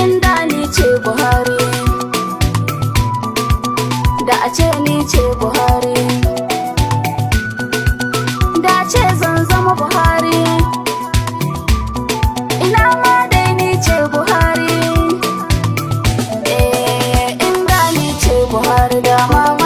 Inda ni ce Buhari Da a ce ni ce Buhari Da ce zan zama Buhari Ina ma dai ni ce Buhari Eh inda ni ce Buhari da mama